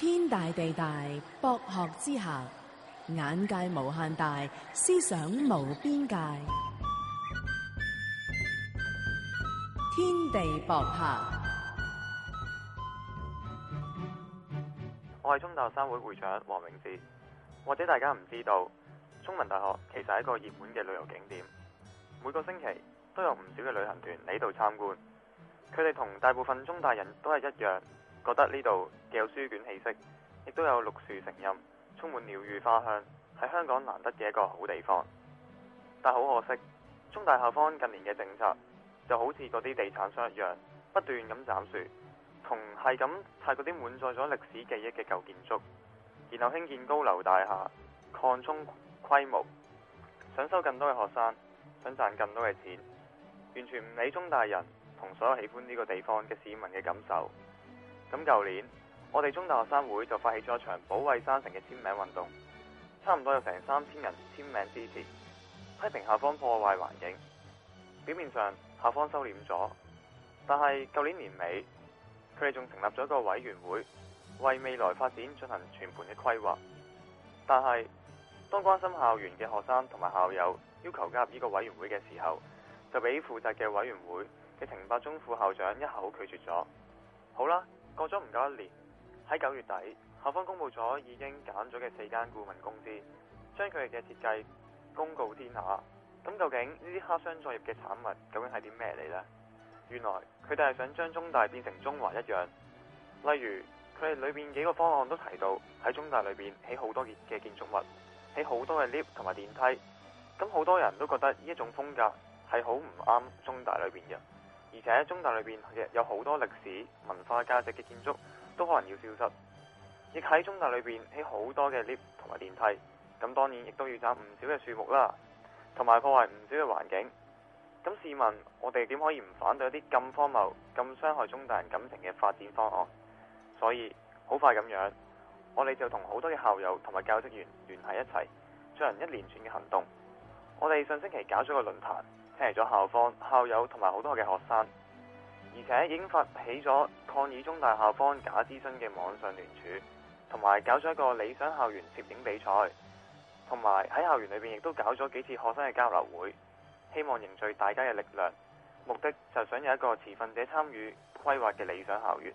天大地大，博學之下，眼界無限大，思想無邊界。天地博客，我係中大學生會會長黃永志。或者大家唔知道，中文大學其實係一個熱門嘅旅遊景點，每個星期都有唔少嘅旅行團嚟度參觀。佢哋同大部分中大人都係一樣。覺得呢度既有書卷氣息，亦都有綠樹成蔭，充滿鳥語花香，喺香港難得嘅一個好地方。但好可惜，中大校方近年嘅政策就好似嗰啲地產商一樣，不斷咁斬樹，同係咁拆嗰啲滿載咗歷史記憶嘅舊建築，然後興建高樓大廈，擴充規模，想收更多嘅學生，想賺更多嘅錢，完全唔理中大人同所有喜歡呢個地方嘅市民嘅感受。咁舊年，我哋中大學生會就發起咗一場保衛山城嘅簽名運動，差唔多有成三千人簽名支持，批評校方破壞環境。表面上校方收斂咗，但係舊年年尾，佢哋仲成立咗一個委員會，為未來發展進行全盤嘅規劃。但係當關心校園嘅學生同埋校友要求加入呢個委員會嘅時候，就俾負責嘅委員會嘅程伯中副校長一口拒絕咗。好啦。過咗唔夠一年，喺九月底，校方公布咗已經揀咗嘅四間顧問公司，將佢哋嘅設計公告天下。咁究竟呢啲黑箱作業嘅產物究竟係啲咩嚟呢？原來佢哋係想將中大變成中環一樣。例如，佢哋裏邊幾個方案都提到喺中大裏邊起好多嘅建築物，起好多嘅 lift 同埋電梯。咁好多人都覺得呢一種風格係好唔啱中大裏邊嘅。而且中大裏邊嘅有好多歷史文化價值嘅建築都可能要消失，亦喺中大裏邊起好多嘅 lift 同埋電梯，咁當然亦都要斬唔少嘅樹木啦，同埋破壞唔少嘅環境。咁試問，我哋點可以唔反對一啲咁荒謬、咁傷害中大人感情嘅發展方案？所以好快咁樣，我哋就同好多嘅校友同埋教職員聯繫一齊，進行一連串嘅行動。我哋上星期搞咗個論壇。聽嚟咗校方、校友同埋好多嘅學生，而且已經發起咗抗議中大校方假諮詢嘅網上聯署，同埋搞咗一個理想校園攝影比賽，同埋喺校園裏邊亦都搞咗幾次學生嘅交流會，希望凝聚大家嘅力量，目的就想有一個持份者參與規劃嘅理想校園。